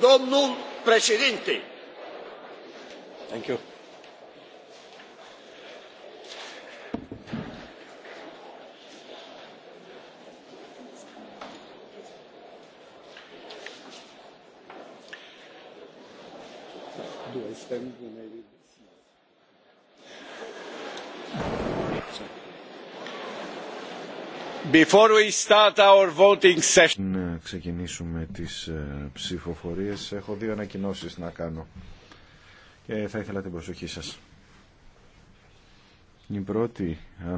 Domnul președinte. Thank you. Πριν Να ξεκινήσουμε τις ε, ψηφοφορίες. Έχω δύο ανακοινώσεις να κάνω και θα ήθελα την προσοχή σας. Η πρώτη